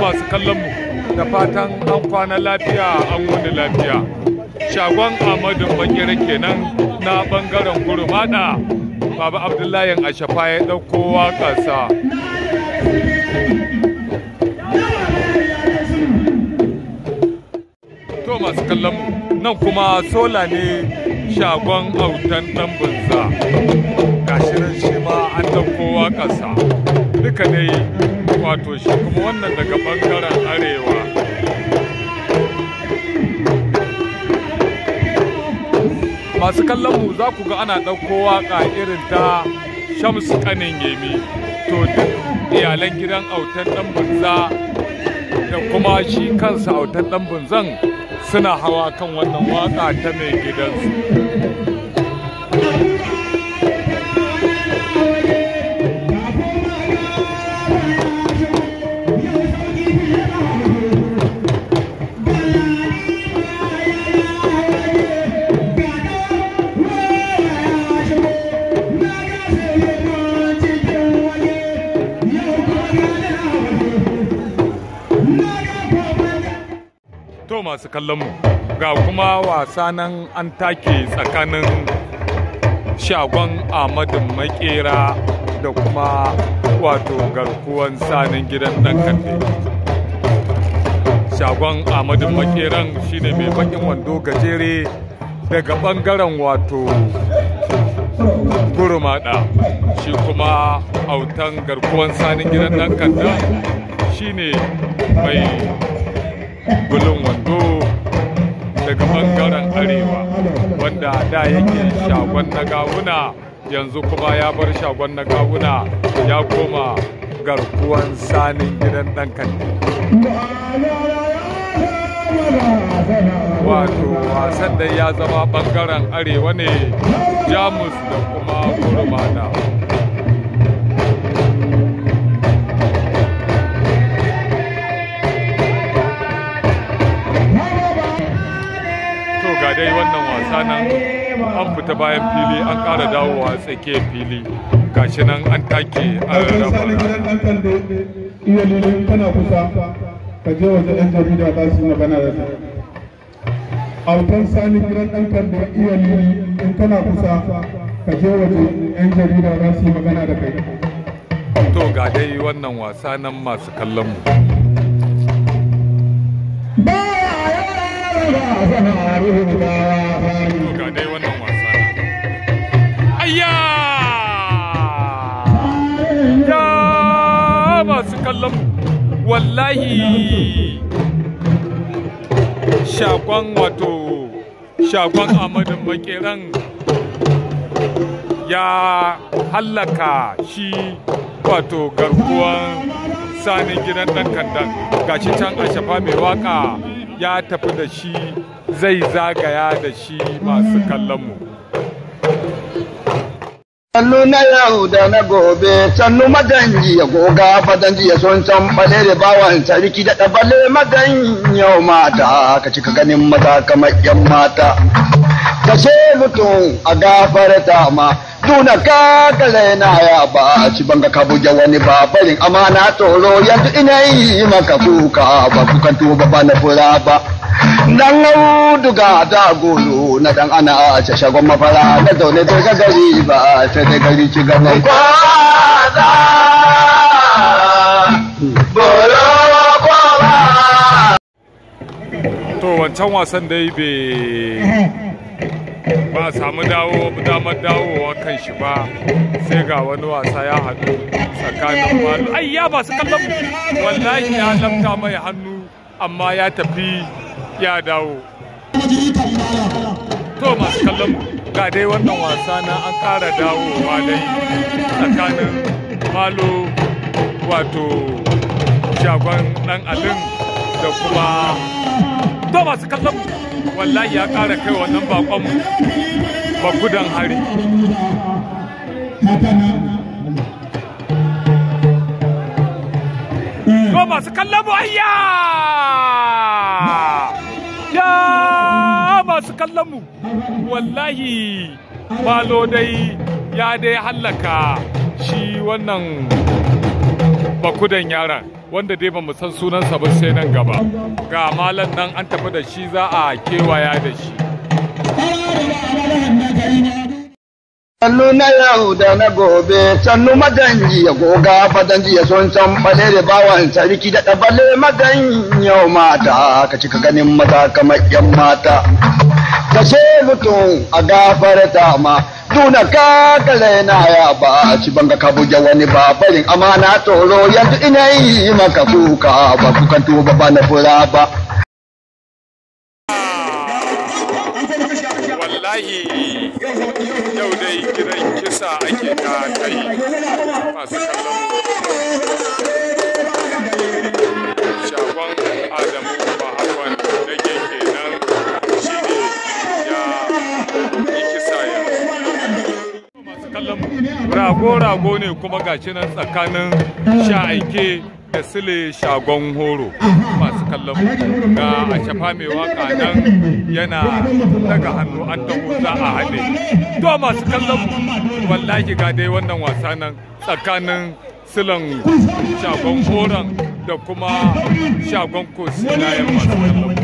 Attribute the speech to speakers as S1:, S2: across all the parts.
S1: masu kallon mu da fatan an kwana lafiya an wani lafiya shagon amadu bakere kenan na bangaren gurmada baba abdullahi ashafa ya ɗauko waƙarsa to masu kallon nan kuma sola ne shagon autan dan bunza gashirin shi ma an kowa kasa duka ne, wato shi kuma wannan daga bangaren arewa masu kallon mu za ku ga ana ɗauko waƙa irin ta shamsu kanin yemi to duk iyalan gidan autan dan bunza da kuma shi kansa autan dan bunzan suna hawa kan wannan waka ta mai gidansu To masu kallon mu ga kuma wasa nan an take tsakanin shagon Ahmadu Makera da kuma wato garkuwan sanin gidan dan kande. Shagon Ahmadu Makeran shine mai bakin wando gajere daga ɓangaren wato gurumada shi kuma autan garkuwan sanin gidan dan kanda shine mai gulun wando daga bangaren arewa wanda da yake shagon na gawuna yanzu kuma ya bar shagon na gawuna ya koma garkuwan sanin gidan ɗan wato wasan da ya zama bangaren arewa ne jamus da kuma gurmana ga dai wannan wasa nan an fita bayan fili an ƙara dawowa tsakiyar fili gashi nan an take a kana kusa ka je jarida za su magana da autan sani gidan ɗan kando iya lilin in kana kusa
S2: ka je waje yan jarida za su magana da kai
S1: to ga dai wannan wasa nan masu kallon mu ba ya ba ga dai wannan kallon wallahi shakon wato shakon Amadu makeran ya hallaka shi wato garkuwan sanin gidan ɗan kandan gashi can a shafa mai waka ya tafi da shi zai zagaya da shi masu kallonmu.
S2: Sannu na yau da na gobe, sannu maganji ya goga fadanji ya son can bale da bawan sarki da ɗabale magan yau mata, ka cika ganin maza kamar 'yan mata. Kashe mutum a gafarta ma. duna ka ya ba ci banga ka buja wani ba barin amana tsoro yanzu ina yi maka kuka ba kukan tuwo ba na fura ba dan auduga da golo na dan ana a ce shagon mafara na zaune to ga gari ba ce da gari ci gaba
S1: to wancan wasan dai bai eh, eh. ba samu dawo damar a kan shi ba sai ga wani wasa ya haɗu tsakanin malu ai ya ba su kallon wallahi ya lamta mai hannu amma ya tafi ya dawo to masu kallon ga dai wannan wasa na an ƙara dawowa dai tsakanin malu wato shagon ɗan alin da kuma to masu kallon wallahi ya ƙara kai wannan bakonmu
S2: ba gudan hari
S1: ko masu kallon mu ayya ya masu kallon mu wallahi balo dai ya dai hallaka shi wannan bakudan yaran wanda dai ba mu san sunansa ba sai nan gaba ga malam nan an tafi da shi za a kewaya da shi
S2: sannu na yau da na gobe sannu maganji ya goga fadanji ya son can bale da bawan sarki da ɗabale magan yau mata ka cika ganin maza kamar yan mata ka ce mutum a gafarta ma duna kakale na ya ba ci banga ka wani ba amana tsoro yanzu ina yi maka kuka ba kukan ba na fura ba
S1: wallahi yau dai kiran kisa ake ta kai masu kallon shagon adamu rago-rago ne kuma gashi nan tsakanin sha'aike da sile shagon horo masu kallon ga a shafa mai waka nan yana daga hannu an dago za a haɗe to masu kallon wallahi ga dai wannan wasa nan tsakanin silan shagon horon da kuma shagon na ya masu kallon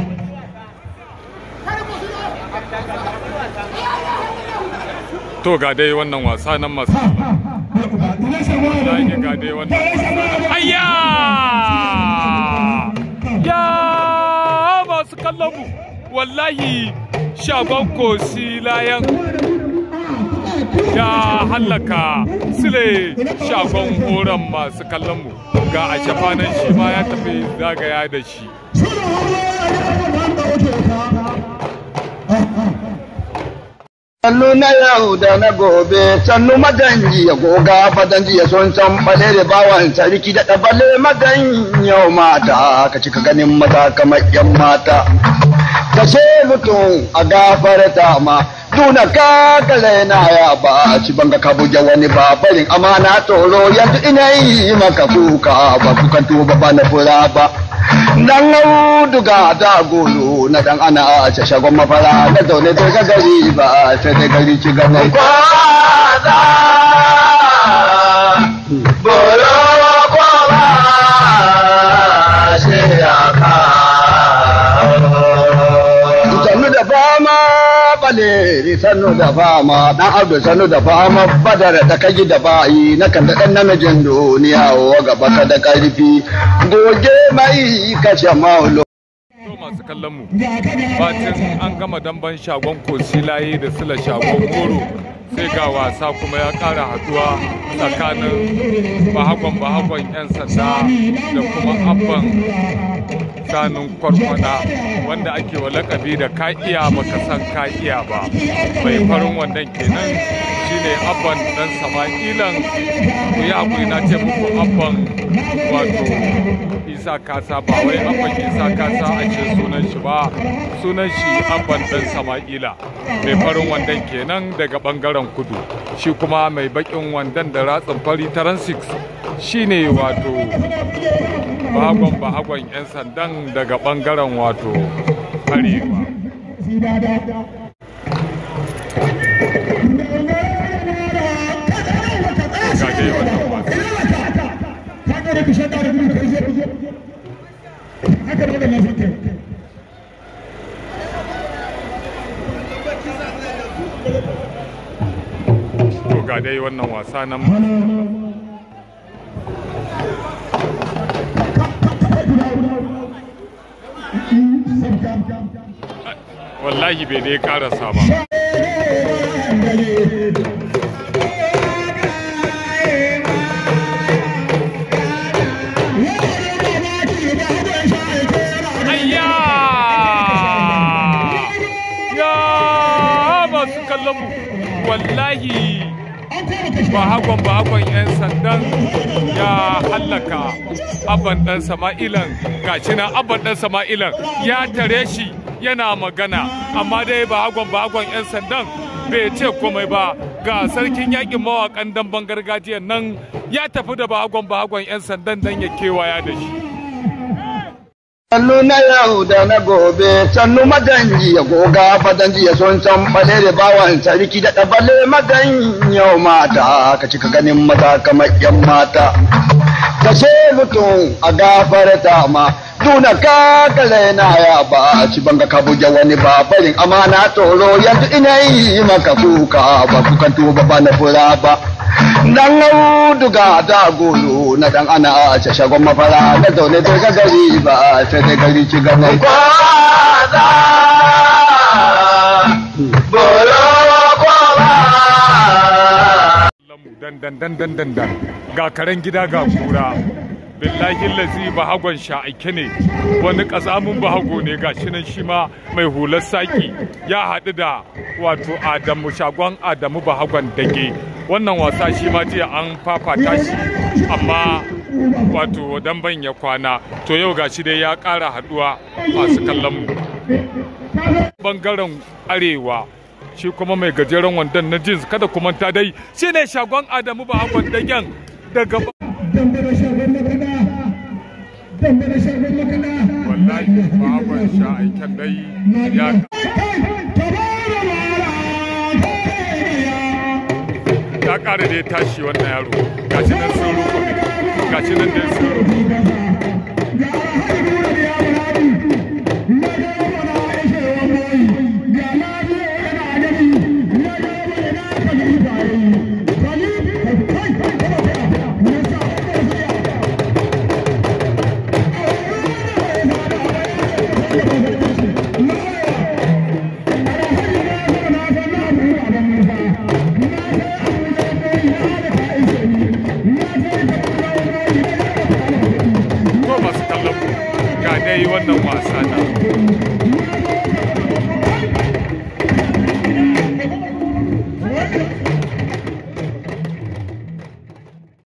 S1: to ga dai wannan wasa nan masu
S2: zage ga dai wannan ayya
S1: ya masu kallon mu wallahi shagon kosi layan ya hallaka sile shagon horon masu kallon mu ga a shafanan shi ma ya tafi zagaya da shi
S2: sannu na yau da na gobe sannu maganji ya goga fadanji ya son can bale da bawan sarki da ɗabale magan yau mata ka cika ganin mata kamar yan mata ka ce mutum a gafarta ma tuna ka na ya ba ci banga ka buja wani ba farin amana toro yanzu ina yi maka kuka ba kukan tuba ba na fura ba dan auduga da golo na dan ana ce shagon mafara da zaune daga gari ba ta da gari ki sanu da fama dan abdu sanu da fama badar da kaji da ba'i na kan da dan namijin duniya wa gaba ka da karfi goge mai jama masu kallon mu bacin
S1: an gama damban shagon kosilaye da sila shagon goro sai ga wasa kuma ya kara haduwa tsakanin bahakon bahakon 'yan sanda da kuma abban tsakanin kwarkwana wanda ake wa lakabi da ka iya baka san ka iya ba bai farin wannan kenan shine abban dan sama'ilan ku yi na ce muku abban wato isa kasa ba wai abban isa kasa a ce sunan shi ba sunan shi abban dan sama'ila mai farin wannan kenan daga bangaren kudu shi kuma mai bakin wandan da ratsin fari taran 6 shine wato bahagon bahagon 'yan sandan daga bangaren wato arewa To ga dai wannan wasa nan wallahi bai dai karasa ba wallahi Bahagon bahakon 'yan sandan ya hallaka abban dan sama'ilan gashi na abban dan sama'ilan ya tare shi yana magana amma dai bahakon bahakon 'yan sandan bai ce komai ba ga sarkin yakin mawakan damben gargajiya nan ya tafi da bahakon bahakon 'yan sandan dan ya kewaya da shi
S2: Sannu na yau da na gobe, sannu maganji ya goga fadanji ya son can bale da bawan sarki da bale magan yau mata, ka cika ganin maza kamar yan mata. Ka mutum a gafarta ma, tuna kakale na ya ba, ci banga ka buja wani ba, barin amana tsoro yanzu ina yi maka kuka ba, kukan tuba ba na fura ba. dan duga da gulu na dan ana a ce shagon mafara da zaune da ga gari ba sai da gari ci ga nan kwaza bolo
S1: dan dan dan dan dan ga karen gida ga kura billahi lazi bahagon sha'aike ne wani ba hago ne ga shi nan shi ma mai hular saki ya haɗu da wato adamu shagon adamu bahagon dage wannan wasa shi ma jiya an fafata shi amma wato dan ban ya kwana to yau ga shi dai ya kara haɗuwa masu kallon mu bangaren arewa shi kuma mai gajeren wandon na jeans kada kuma ta dai shine shagon adamu bahagon dagen daga
S2: wallahi
S1: sha, sha'aikan dai ya ya ƙara da ya tashi wannan yaro gashi nan sun rufe gashi nan dai
S2: sun rufe